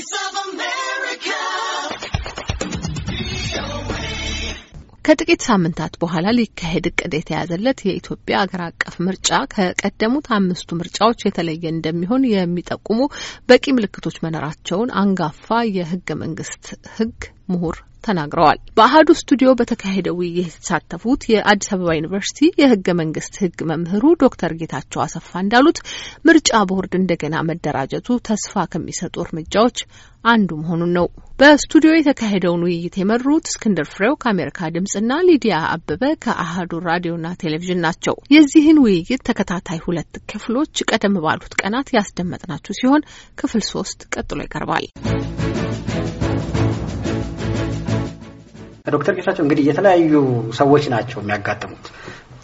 Voice of America. ከጥቂት ሳምንታት በኋላ ሊካሄድ እቅድ የተያዘለት የኢትዮጵያ አገር አቀፍ ምርጫ ከቀደሙት አምስቱ ምርጫዎች የተለየ እንደሚሆን የሚጠቁሙ በቂ ምልክቶች መኖራቸውን አንጋፋ የህገ መንግስት ህግ ምሁር ተናግረዋል። በአህዱ ስቱዲዮ በተካሄደው ውይይት የተሳተፉት የአዲስ አበባ ዩኒቨርሲቲ የህገ መንግስት ህግ መምህሩ ዶክተር ጌታቸው አሰፋ እንዳሉት ምርጫ ቦርድ እንደገና መደራጀቱ ተስፋ ከሚሰጡ እርምጃዎች አንዱ መሆኑን ነው። በስቱዲዮ የተካሄደውን ውይይት የመሩት እስክንድር ፍሬው ከአሜሪካ ድምጽና ሊዲያ አበበ ከአህዱ ራዲዮና ቴሌቪዥን ናቸው። የዚህን ውይይት ተከታታይ ሁለት ክፍሎች ቀደም ባሉት ቀናት ያስደመጥናችሁ ሲሆን ክፍል ሶስት ቀጥሎ ይቀርባል። ዶክተር ጌታቸው እንግዲህ የተለያዩ ሰዎች ናቸው የሚያጋጥሙት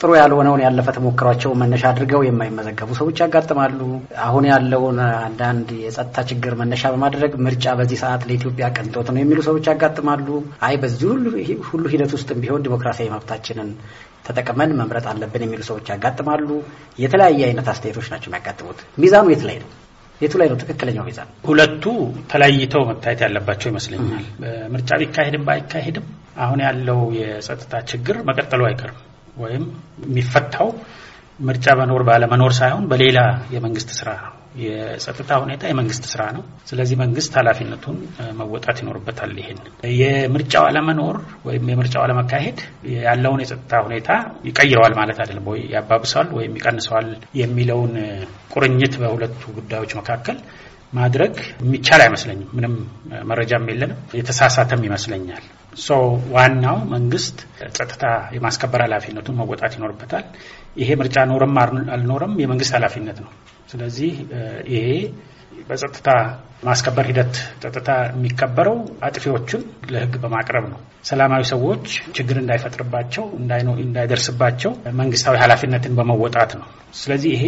ጥሩ ያልሆነውን ያለፈ ተሞክሯቸው መነሻ አድርገው የማይመዘገቡ ሰዎች ያጋጥማሉ። አሁን ያለውን አንዳንድ የጸጥታ ችግር መነሻ በማድረግ ምርጫ በዚህ ሰዓት ለኢትዮጵያ ቅንጦት ነው የሚሉ ሰዎች ያጋጥማሉ። አይ በዚህ ሁሉ ሂደት ውስጥ ቢሆን ዲሞክራሲያዊ መብታችንን ተጠቅመን መምረጥ አለብን የሚሉ ሰዎች ያጋጥማሉ። የተለያየ አይነት አስተያየቶች ናቸው የሚያጋጥሙት። ሚዛኑ የት ላይ ነው? የቱ ላይ ነው ትክክለኛው ሚዛን? ሁለቱ ተለያይተው መታየት ያለባቸው ይመስለኛል። ምርጫ ቢካሄድም ባይካሄድም አሁን ያለው የጸጥታ ችግር መቀጠሉ አይቀርም ወይም የሚፈታው ምርጫ መኖር ባለመኖር ሳይሆን በሌላ የመንግስት ስራ ነው። የጸጥታ ሁኔታ የመንግስት ስራ ነው። ስለዚህ መንግስት ኃላፊነቱን መወጣት ይኖርበታል። ይሄን የምርጫው አለመኖር ወይም የምርጫው አለመካሄድ ያለውን የጸጥታ ሁኔታ ይቀይረዋል ማለት አይደለም፣ ወይ ያባብሰዋል ወይም ይቀንሰዋል የሚለውን ቁርኝት በሁለቱ ጉዳዮች መካከል ማድረግ የሚቻል አይመስለኝም። ምንም መረጃም የለንም። የተሳሳተም ይመስለኛል። ሰው ዋናው መንግስት ጸጥታ የማስከበር ኃላፊነቱን መወጣት ይኖርበታል። ይሄ ምርጫ ኖረም አልኖረም የመንግስት ኃላፊነት ነው። ስለዚህ ይሄ በጸጥታ ማስከበር ሂደት ጸጥታ የሚከበረው አጥፊዎቹን ለህግ በማቅረብ ነው። ሰላማዊ ሰዎች ችግር እንዳይፈጥርባቸው እንዳይደርስባቸው መንግስታዊ ኃላፊነትን በመወጣት ነው። ስለዚህ ይሄ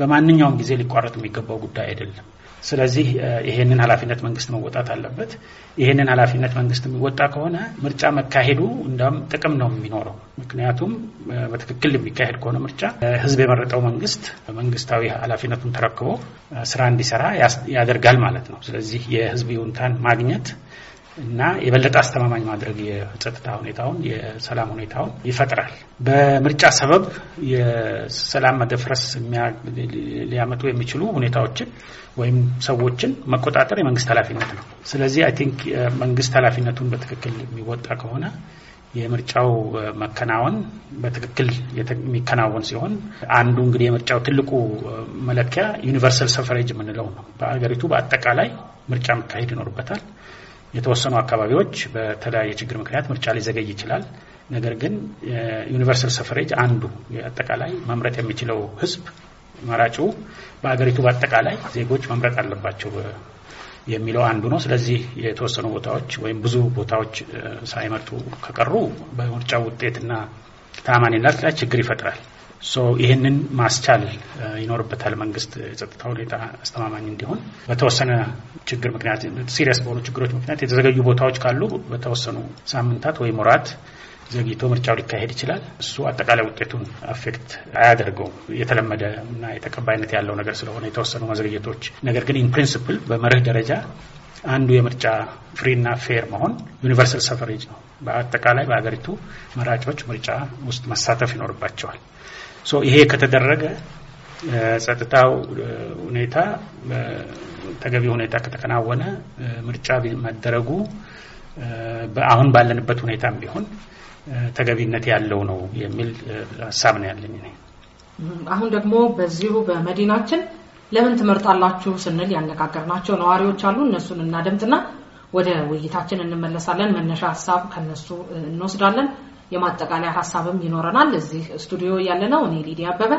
በማንኛውም ጊዜ ሊቋረጥ የሚገባው ጉዳይ አይደለም። ስለዚህ ይሄንን ኃላፊነት መንግስት መወጣት አለበት። ይሄንን ኃላፊነት መንግስት የሚወጣ ከሆነ ምርጫ መካሄዱ እንደውም ጥቅም ነው የሚኖረው። ምክንያቱም በትክክል የሚካሄድ ከሆነ ምርጫ ህዝብ የመረጠው መንግስት መንግስታዊ ኃላፊነቱን ተረክቦ ስራ እንዲሰራ ያደርጋል ማለት ነው። ስለዚህ የህዝብ ይሁንታን ማግኘት እና የበለጠ አስተማማኝ ማድረግ የጸጥታ ሁኔታውን የሰላም ሁኔታውን ይፈጥራል። በምርጫ ሰበብ የሰላም መደፍረስ ሊያመጡ የሚችሉ ሁኔታዎችን ወይም ሰዎችን መቆጣጠር የመንግስት ኃላፊነት ነው። ስለዚህ አይ ቲንክ መንግስት ኃላፊነቱን በትክክል የሚወጣ ከሆነ የምርጫው መከናወን በትክክል የሚከናወን ሲሆን አንዱ እንግዲህ የምርጫው ትልቁ መለኪያ ዩኒቨርሳል ሰፈሬጅ የምንለው ነው። በሀገሪቱ በአጠቃላይ ምርጫ መካሄድ ይኖርበታል። የተወሰኑ አካባቢዎች በተለያየ ችግር ምክንያት ምርጫ ሊዘገይ ይችላል። ነገር ግን ዩኒቨርሳል ሰፈሬጅ አንዱ አጠቃላይ መምረጥ የሚችለው ህዝብ መራጩ በሀገሪቱ በአጠቃላይ ዜጎች መምረጥ አለባቸው የሚለው አንዱ ነው። ስለዚህ የተወሰኑ ቦታዎች ወይም ብዙ ቦታዎች ሳይመርጡ ከቀሩ በምርጫው ውጤትና ተአማኒነት ላይ ችግር ይፈጥራል። ይህንን ማስቻል ይኖርበታል። መንግስት የጸጥታ ሁኔታ አስተማማኝ እንዲሆን በተወሰነ ችግር ምክንያት ሲሪየስ በሆኑ ችግሮች ምክንያት የተዘገዩ ቦታዎች ካሉ በተወሰኑ ሳምንታት ወይም ወራት ዘግይቶ ምርጫው ሊካሄድ ይችላል። እሱ አጠቃላይ ውጤቱን አፌክት አያደርገውም። የተለመደ እና የተቀባይነት ያለው ነገር ስለሆነ የተወሰኑ መዘግየቶች፣ ነገር ግን ኢን ፕሪንስፕል በመርህ ደረጃ አንዱ የምርጫ ፍሪና ፌር መሆን ዩኒቨርሳል ሰፈሬጅ ነው። በአጠቃላይ በሀገሪቱ መራጮች ምርጫ ውስጥ መሳተፍ ይኖርባቸዋል። ሶ ይሄ ከተደረገ ጸጥታው ሁኔታ ተገቢ ሁኔታ ከተከናወነ ምርጫ መደረጉ አሁን ባለንበት ሁኔታም ቢሆን ተገቢነት ያለው ነው የሚል ሀሳብ ነው ያለኝ። አሁን ደግሞ በዚሁ በመዲናችን ለምን ትመርጣላችሁ ስንል ያነጋገርናቸው ነዋሪዎች አሉ። እነሱን እናደምጥና ወደ ውይይታችን እንመለሳለን። መነሻ ሀሳብ ከነሱ እንወስዳለን። የማጠቃለያ ሀሳብም ይኖረናል። እዚህ ስቱዲዮ ያለነው እኔ ሊዲያ አበበ፣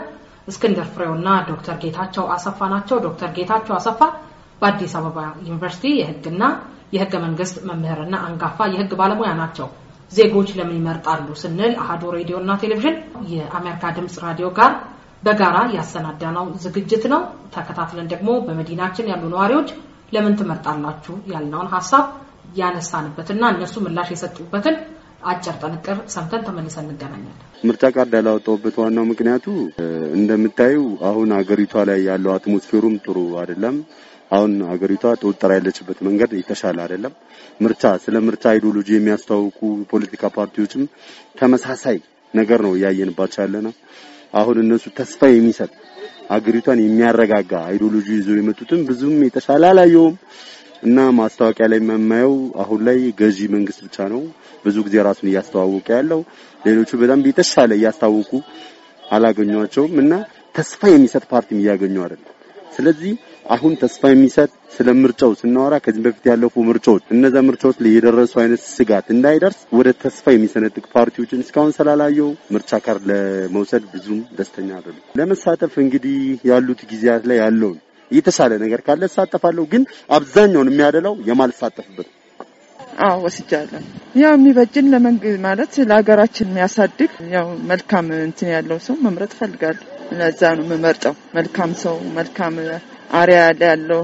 እስክንደር ፍሬውና ዶክተር ጌታቸው አሰፋ ናቸው። ዶክተር ጌታቸው አሰፋ በአዲስ አበባ ዩኒቨርሲቲ የህግና የህገ መንግስት መምህርና አንጋፋ የህግ ባለሙያ ናቸው። ዜጎች ለምን ይመርጣሉ ስንል አህዶ ሬዲዮ እና ቴሌቪዥን የአሜሪካ ድምፅ ራዲዮ ጋር በጋራ ያሰናዳነው ዝግጅት ነው። ተከታትለን ደግሞ በመዲናችን ያሉ ነዋሪዎች ለምን ትመርጣላችሁ ያልነውን ሀሳብ ያነሳንበትና እነሱ ምላሽ የሰጡበትን አጭር ጥንቅር ሰምተን ተመልሰን እንገናኛለን። ምርጫ ካርድ ያላወጣሁበት ዋናው ምክንያቱ እንደምታዩ አሁን አገሪቷ ላይ ያለው አትሞስፌሩም ጥሩ አይደለም። አሁን አገሪቷ ተወጠራ ያለችበት መንገድ የተሻለ አይደለም። ምርጫ ስለ ምርጫ አይዲዮሎጂ የሚያስተዋውቁ ፖለቲካ ፓርቲዎችም ተመሳሳይ ነገር ነው እያየንባቸው ያለና አሁን እነሱ ተስፋ የሚሰጥ አገሪቷን የሚያረጋጋ አይዲዮሎጂ ይዘው የመጡትም ብዙም የተሻለ አላየውም። እና ማስታወቂያ ላይ የማየው አሁን ላይ ገዢ መንግስት ብቻ ነው ብዙ ጊዜ ራሱን እያስተዋወቀ ያለው። ሌሎቹ በጣም የተሻለ እያስታወቁ አላገኟቸውም እና ተስፋ የሚሰጥ ፓርቲም እያገኙ አይደለም። ስለዚህ አሁን ተስፋ የሚሰጥ ስለ ምርጫው ስናወራ ከዚህ በፊት ያለፉ ምርጫዎች እነዛ ምርጫዎች ላይ የደረሱ አይነት ስጋት እንዳይደርስ ወደ ተስፋ የሚሰነጥቅ ፓርቲዎችን እስካሁን ስላላየው ምርጫ ካርድ ለመውሰድ ብዙም ደስተኛ አይደሉም። ለመሳተፍ እንግዲህ ያሉት ጊዜያት ላይ ያለውን የተሻለ ነገር ካለ እሳተፋለሁ። ግን አብዛኛውን የሚያደላው የማልሳተፍበት አዎ ወስጃለሁ። ያው የሚበጅን ለመንግስት ማለት ለሀገራችን የሚያሳድግ ያው መልካም እንትን ያለው ሰው መምረጥ ፈልጋል ለዛ ነው የምመርጠው። መልካም ሰው መልካም አሪያ ያለው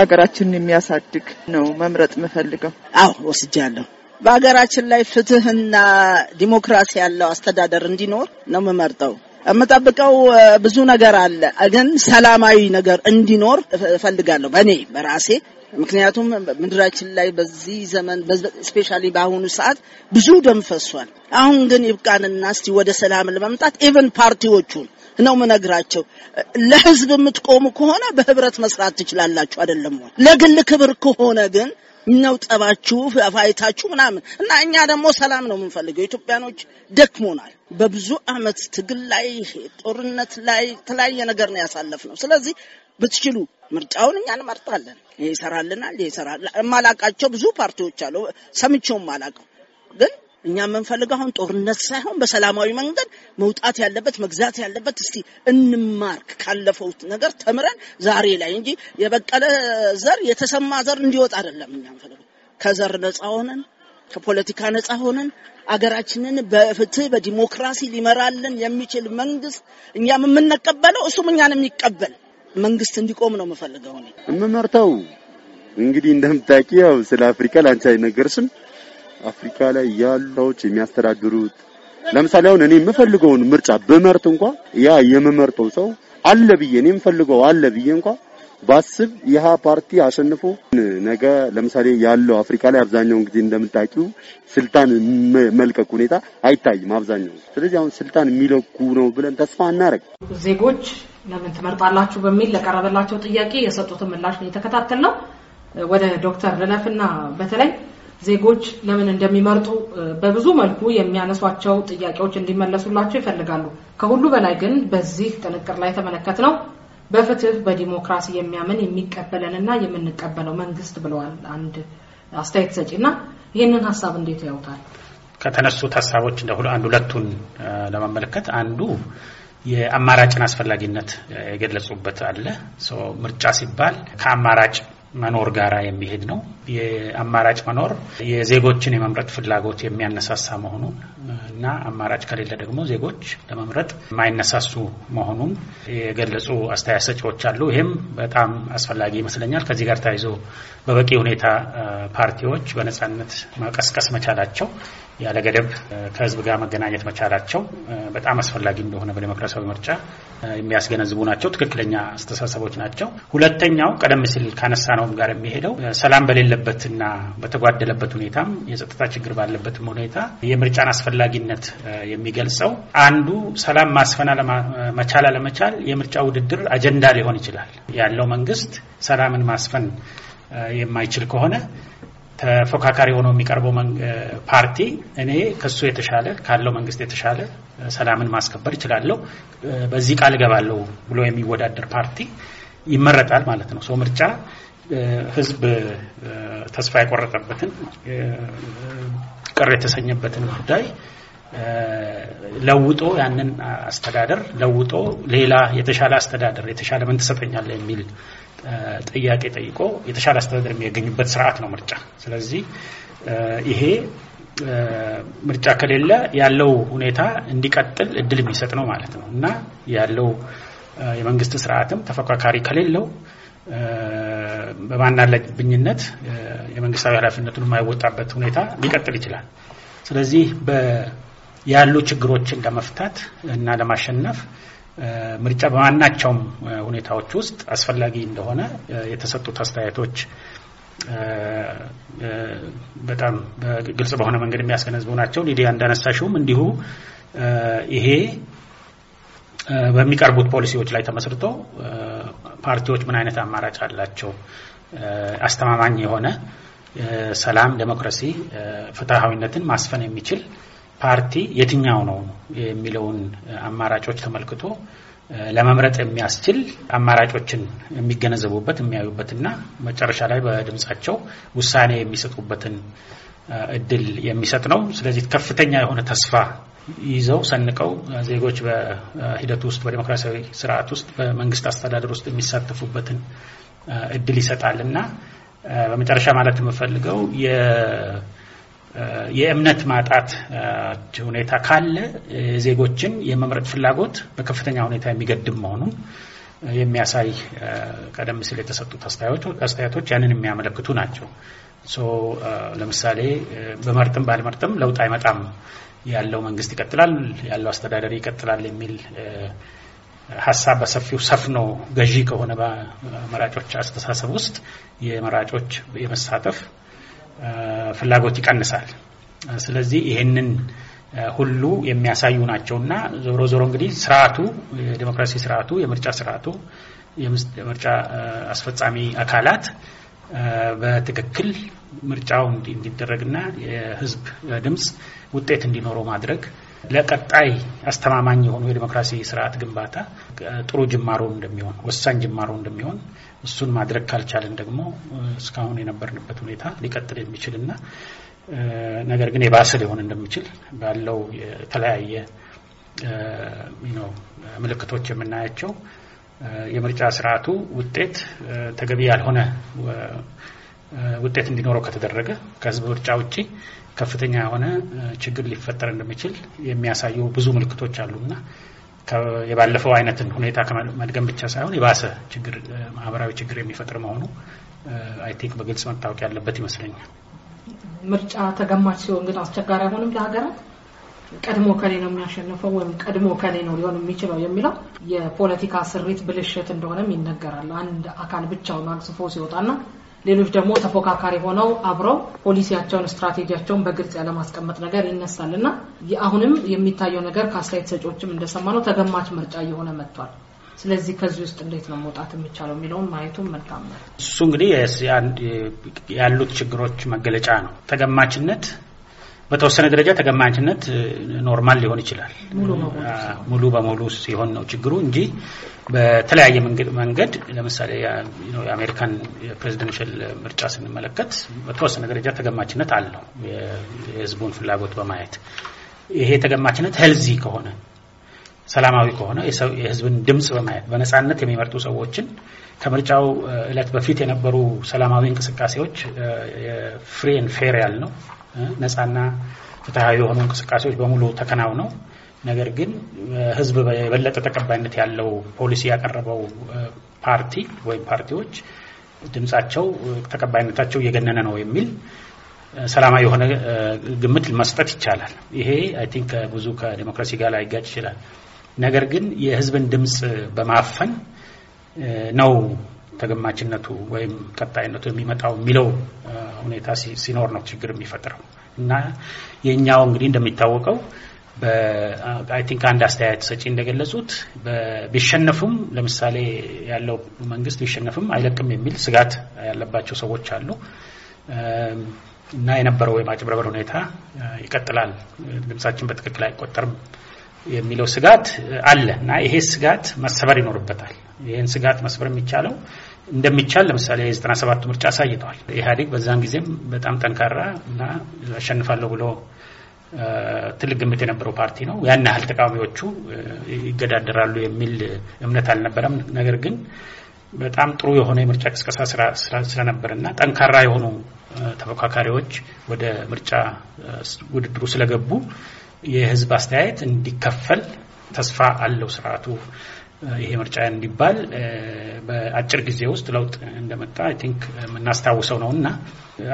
ሀገራችንን የሚያሳድግ ነው መምረጥ የምፈልገው። አዎ ወስጃለሁ። በሀገራችን ላይ ፍትህና ዲሞክራሲ ያለው አስተዳደር እንዲኖር ነው የምመርጠው። የምጠብቀው ብዙ ነገር አለ፣ ግን ሰላማዊ ነገር እንዲኖር እፈልጋለሁ በእኔ በራሴ ምክንያቱም ምድራችን ላይ በዚህ ዘመን ስፔሻሊ በአሁኑ ሰዓት ብዙ ደም ፈሷል። አሁን ግን ይብቃንና እስቲ ወደ ሰላም ለመምጣት ኢቨን ፓርቲዎቹን ነው ምነግራቸው። ለህዝብ የምትቆሙ ከሆነ በህብረት መስራት ትችላላችሁ። አይደለም ለግል ክብር ከሆነ ግን ነው ጠባችሁ፣ ፋይታችሁ ምናምን እና እኛ ደግሞ ሰላም ነው የምንፈልገው። ኢትዮጵያኖች ደክሞናል። በብዙ አመት ትግል ላይ፣ ጦርነት ላይ የተለያየ ነገር ነው ነው። ስለዚህ ብትችሉ ምርጫውን እኛ እንመርጣለን። ይሄ ይሰራልናል፣ ይሄ ይሰራል። የማላቃቸው ብዙ ፓርቲዎች አሉ፣ ሰምቼውም አላውቅም ግን እኛ የምንፈልገው አሁን ጦርነት ሳይሆን በሰላማዊ መንገድ መውጣት ያለበት መግዛት ያለበት እስቲ እንማርክ ካለፈው ነገር ተምረን ዛሬ ላይ እንጂ የበቀለ ዘር የተሰማ ዘር እንዲወጣ አይደለም እኛ የምንፈልገው። ከዘር ነፃ ሆነን ከፖለቲካ ነፃ ሆነን አገራችንን በፍትህ በዲሞክራሲ ሊመራልን የሚችል መንግስት እኛም የምንቀበለው እሱም እኛን የሚቀበል መንግስት እንዲቆም ነው የምፈልገው። እኔ የምመርተው እንግዲህ እንደምታውቂ ያው ስለ አፍሪካ ላንቺ አይነገርስም አፍሪካ ላይ ያለዎች የሚያስተዳድሩት ለምሳሌ አሁን እኔ የምፈልገውን ምርጫ በመርት እንኳ ያ የምመርጠው ሰው አለ ብዬ እኔ የምፈልገው አለ ብዬ እንኳ ባስብ ይህ ፓርቲ አሸንፎ ነገ ለምሳሌ ያለው አፍሪካ ላይ አብዛኛውን ጊዜ እንደምታውቂው ስልጣን መልቀቅ ሁኔታ አይታይም አብዛኛው። ስለዚህ አሁን ስልጣን የሚለቁ ነው ብለን ተስፋ እናደርግ። ዜጎች ለምን ትመርጣላችሁ በሚል ለቀረበላቸው ጥያቄ የሰጡትን ምላሽ ነው የተከታተል ነው። ወደ ዶክተር ልለፍና በተለይ ዜጎች ለምን እንደሚመርጡ በብዙ መልኩ የሚያነሷቸው ጥያቄዎች እንዲመለሱላቸው ይፈልጋሉ። ከሁሉ በላይ ግን በዚህ ጥንቅር ላይ የተመለከት ነው በፍትህ በዲሞክራሲ የሚያምን የሚቀበለንና የምንቀበለው መንግስት ብለዋል አንድ አስተያየት ሰጪ እና ይህንን ሀሳብ እንዴት ያውታል? ከተነሱት ሀሳቦች እንደ አንድ ሁለቱን ለመመለከት አንዱ የአማራጭን አስፈላጊነት የገለጹበት አለ። ምርጫ ሲባል ከአማራጭ መኖር ጋራ የሚሄድ ነው። የአማራጭ መኖር የዜጎችን የመምረጥ ፍላጎት የሚያነሳሳ መሆኑን እና አማራጭ ከሌለ ደግሞ ዜጎች ለመምረጥ የማይነሳሱ መሆኑን የገለጹ አስተያየት ሰጪዎች አሉ። ይህም በጣም አስፈላጊ ይመስለኛል። ከዚህ ጋር ተያይዞ በበቂ ሁኔታ ፓርቲዎች በነጻነት መቀስቀስ መቻላቸው ያለ ገደብ ከህዝብ ጋር መገናኘት መቻላቸው በጣም አስፈላጊ እንደሆነ በዴሞክራሲያዊ ምርጫ የሚያስገነዝቡ ናቸው። ትክክለኛ አስተሳሰቦች ናቸው። ሁለተኛው ቀደም ሲል ካነሳ ነውም ጋር የሚሄደው ሰላም በሌለበትና በተጓደለበት ሁኔታም የጸጥታ ችግር ባለበትም ሁኔታ የምርጫን አስፈላጊነት የሚገልጸው አንዱ ሰላም ማስፈን መቻል አለመቻል የምርጫ ውድድር አጀንዳ ሊሆን ይችላል። ያለው መንግስት ሰላምን ማስፈን የማይችል ከሆነ ተፎካካሪ ሆኖ የሚቀርበው ፓርቲ እኔ ከሱ የተሻለ ካለው መንግስት የተሻለ ሰላምን ማስከበር እችላለሁ፣ በዚህ ቃል እገባለሁ ብሎ የሚወዳደር ፓርቲ ይመረጣል ማለት ነው። ሰው ምርጫ ህዝብ ተስፋ የቆረጠበትን ቅር የተሰኘበትን ጉዳይ ለውጦ ያንን አስተዳደር ለውጦ ሌላ የተሻለ አስተዳደር የተሻለ ምን ትሰጠኛለህ የሚል ጥያቄ ጠይቆ የተሻለ አስተዳደር የሚያገኙበት ስርዓት ነው ምርጫ። ስለዚህ ይሄ ምርጫ ከሌለ ያለው ሁኔታ እንዲቀጥል እድል የሚሰጥ ነው ማለት ነው እና ያለው የመንግስት ስርዓትም ተፎካካሪ ከሌለው በማናለብኝነት የመንግስታዊ ኃላፊነቱን የማይወጣበት ሁኔታ ሊቀጥል ይችላል። ስለዚህ ያሉ ችግሮችን ለመፍታት እና ለማሸነፍ ምርጫ በማናቸውም ሁኔታዎች ውስጥ አስፈላጊ እንደሆነ የተሰጡት አስተያየቶች በጣም በግልጽ በሆነ መንገድ የሚያስገነዝቡ ናቸው። ሊዲያ እንዳነሳሽውም እንዲሁ ይሄ በሚቀርቡት ፖሊሲዎች ላይ ተመስርቶ ፓርቲዎች ምን አይነት አማራጭ አላቸው፣ አስተማማኝ የሆነ ሰላም፣ ዴሞክራሲ፣ ፍትሐዊነትን ማስፈን የሚችል ፓርቲ የትኛው ነው የሚለውን አማራጮች ተመልክቶ ለመምረጥ የሚያስችል አማራጮችን የሚገነዘቡበት የሚያዩበትና መጨረሻ ላይ በድምጻቸው ውሳኔ የሚሰጡበትን እድል የሚሰጥ ነው። ስለዚህ ከፍተኛ የሆነ ተስፋ ይዘው ሰንቀው ዜጎች በሂደቱ ውስጥ በዲሞክራሲያዊ ስርዓት ውስጥ በመንግስት አስተዳደር ውስጥ የሚሳተፉበትን እድል ይሰጣል እና በመጨረሻ ማለት የምፈልገው የእምነት ማጣት ሁኔታ ካለ ዜጎችን የመምረጥ ፍላጎት በከፍተኛ ሁኔታ የሚገድብ መሆኑን የሚያሳይ ቀደም ሲል የተሰጡት አስተያየቶች ያንን የሚያመለክቱ ናቸው። ለምሳሌ በመርጥም ባልመርጥም ለውጥ አይመጣም፣ ያለው መንግስት ይቀጥላል፣ ያለው አስተዳደር ይቀጥላል የሚል ሀሳብ በሰፊው ሰፍኖ ገዢ ከሆነ በመራጮች አስተሳሰብ ውስጥ የመራጮች የመሳተፍ ፍላጎት ይቀንሳል። ስለዚህ ይሄንን ሁሉ የሚያሳዩ ናቸውና ዞሮ ዞሮ እንግዲህ ስርዓቱ የዲሞክራሲ ስርዓቱ የምርጫ ስርዓቱ የምርጫ አስፈጻሚ አካላት በትክክል ምርጫው እንዲደረግና የህዝብ ድምፅ ውጤት እንዲኖረው ማድረግ ለቀጣይ አስተማማኝ የሆኑ የዲሞክራሲ ስርዓት ግንባታ ጥሩ ጅማሮ እንደሚሆን ወሳኝ ጅማሮ እንደሚሆን እሱን ማድረግ ካልቻለን ደግሞ እስካሁን የነበርንበት ሁኔታ ሊቀጥል የሚችልና ነገር ግን የባሰ ሊሆን እንደሚችል ባለው የተለያየ ምልክቶች የምናያቸው የምርጫ ስርዓቱ ውጤት ተገቢ ያልሆነ ውጤት እንዲኖረው ከተደረገ ከህዝብ ምርጫ ውጭ ከፍተኛ የሆነ ችግር ሊፈጠር እንደሚችል የሚያሳዩ ብዙ ምልክቶች አሉና የባለፈው አይነትን ሁኔታ ከመድገም ብቻ ሳይሆን የባሰ ችግር ማህበራዊ ችግር የሚፈጥር መሆኑ አይ ቲንክ በግልጽ መታወቅ ያለበት ይመስለኛል። ምርጫ ተገማች ሲሆን ግን አስቸጋሪ አይሆንም ለሀገራት ቀድሞ ከሌ ነው የሚያሸንፈው ወይም ቀድሞ ከሌ ነው ሊሆን የሚችለው የሚለው የፖለቲካ ስሪት ብልሽት እንደሆነም ይነገራል። አንድ አካል ብቻውን አግዝፎ ሲወጣና ሌሎች ደግሞ ተፎካካሪ ሆነው አብረው ፖሊሲያቸውን ስትራቴጂያቸውን በግልጽ ያለማስቀመጥ ነገር ይነሳል እና አሁንም የሚታየው ነገር ከአስተያየት ሰጪዎችም እንደሰማ ነው ተገማች ምርጫ እየሆነ መጥቷል። ስለዚህ ከዚህ ውስጥ እንዴት ነው መውጣት የሚቻለው የሚለውን ማየቱም መልካም ነው። እሱ እንግዲህ ያሉት ችግሮች መገለጫ ነው። ተገማችነት በተወሰነ ደረጃ ተገማችነት ኖርማል ሊሆን ይችላል። ሙሉ በሙሉ ሲሆን ነው ችግሩ እንጂ በተለያየ መንገድ ለምሳሌ የአሜሪካን ፕሬዚደንሻል ምርጫ ስንመለከት በተወሰነ ደረጃ ተገማችነት አለው የህዝቡን ፍላጎት በማየት ይሄ ተገማችነት ሄልዚ ከሆነ ሰላማዊ ከሆነ የህዝብን ድምፅ በማየት በነፃነት የሚመርጡ ሰዎችን ከምርጫው እለት በፊት የነበሩ ሰላማዊ እንቅስቃሴዎች ፍሪ ኤንድ ፌር ያል ነው ነጻና ፍትሐዊ የሆኑ እንቅስቃሴዎች በሙሉ ተከናውነው ነገር ግን ህዝብ የበለጠ ተቀባይነት ያለው ፖሊሲ ያቀረበው ፓርቲ ወይም ፓርቲዎች ድምጻቸው ተቀባይነታቸው እየገነነ ነው የሚል ሰላማዊ የሆነ ግምት መስጠት ይቻላል። ይሄ አይ ቲንክ ብዙ ከዲሞክራሲ ጋር ላይጋጭ ይችላል። ነገር ግን የህዝብን ድምፅ በማፈን ነው ተገማችነቱ ወይም ቀጣይነቱ የሚመጣው የሚለው ሁኔታ ሲኖር ነው ችግር የሚፈጥረው እና የእኛው እንግዲህ እንደሚታወቀው አይ ቲንክ አንድ አስተያየት ሰጪ እንደገለጹት ቢሸነፉም ለምሳሌ ያለው መንግስት ቢሸነፍም አይለቅም የሚል ስጋት ያለባቸው ሰዎች አሉ እና የነበረው የማጭበርበር ሁኔታ ይቀጥላል፣ ድምጻችን በትክክል አይቆጠርም የሚለው ስጋት አለ እና ይሄ ስጋት መሰበር ይኖርበታል። ይህን ስጋት መስበር የሚቻለው እንደሚቻል ለምሳሌ የዘጠና ሰባቱ ምርጫ አሳይተዋል። ኢህአዴግ በዛን ጊዜም በጣም ጠንካራ እና አሸንፋለሁ ብሎ ትልቅ ግምት የነበረው ፓርቲ ነው። ያን ያህል ተቃዋሚዎቹ ይገዳደራሉ የሚል እምነት አልነበረም። ነገር ግን በጣም ጥሩ የሆነ የምርጫ ቅስቀሳ ስለነበር እና ጠንካራ የሆኑ ተፎካካሪዎች ወደ ምርጫ ውድድሩ ስለገቡ የህዝብ አስተያየት እንዲከፈል ተስፋ አለው ስርዓቱ ይሄ ምርጫ እንዲባል በአጭር ጊዜ ውስጥ ለውጥ እንደመጣ አይ ቲንክ የምናስታውሰው ነው እና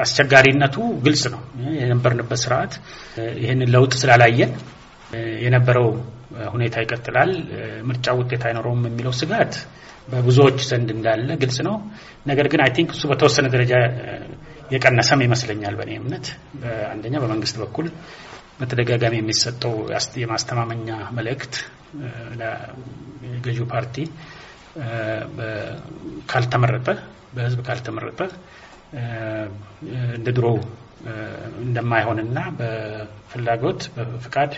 አስቸጋሪነቱ ግልጽ ነው። የነበርንበት ስርዓት ይህንን ለውጥ ስላላየን የነበረው ሁኔታ ይቀጥላል፣ ምርጫ ውጤት አይኖረውም የሚለው ስጋት በብዙዎች ዘንድ እንዳለ ግልጽ ነው። ነገር ግን አይ ቲንክ እሱ በተወሰነ ደረጃ የቀነሰም ይመስለኛል በእኔ እምነት። አንደኛ በመንግስት በኩል በተደጋጋሚ የሚሰጠው የማስተማመኛ መልእክት ለገዢው ፓርቲ ካልተመረጠ በህዝብ ካልተመረጠ እንደ ድሮው እንደማይሆንና በፍላጎት በፍቃድ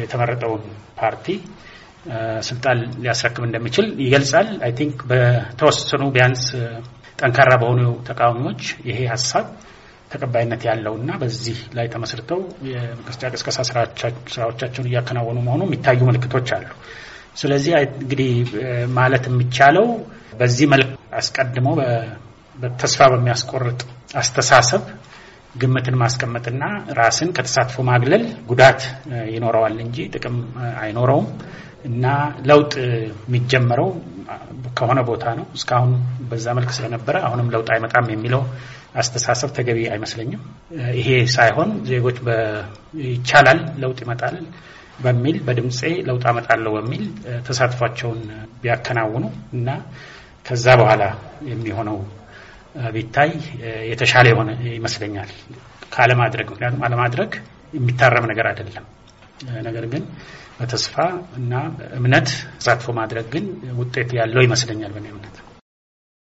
የተመረጠውን ፓርቲ ስልጣን ሊያስረክብ እንደሚችል ይገልጻል። አይ ቲንክ በተወሰኑ ቢያንስ ጠንካራ በሆኑ ተቃዋሚዎች ይሄ ሀሳብ ተቀባይነት ያለውና በዚህ ላይ ተመስርተው የምርጫ ቅስቀሳ ስራዎቻቸውን እያከናወኑ መሆኑ የሚታዩ ምልክቶች አሉ። ስለዚህ እንግዲህ ማለት የሚቻለው በዚህ መልክ አስቀድሞ በተስፋ በሚያስቆርጥ አስተሳሰብ ግምትን ማስቀመጥና ራስን ከተሳትፎ ማግለል ጉዳት ይኖረዋል እንጂ ጥቅም አይኖረውም። እና ለውጥ የሚጀመረው ከሆነ ቦታ ነው። እስካሁን በዛ መልክ ስለነበረ አሁንም ለውጥ አይመጣም የሚለው አስተሳሰብ ተገቢ አይመስለኝም። ይሄ ሳይሆን ዜጎች ይቻላል፣ ለውጥ ይመጣል በሚል በድምፄ ለውጥ አመጣለሁ በሚል ተሳትፏቸውን ቢያከናውኑ እና ከዛ በኋላ የሚሆነው ቢታይ የተሻለ የሆነ ይመስለኛል ካለማድረግ። ምክንያቱም አለማድረግ የሚታረም ነገር አይደለም። ነገር ግን በተስፋ እና በእምነት ተሳትፎ ማድረግ ግን ውጤት ያለው ይመስለኛል በእኔ እምነት።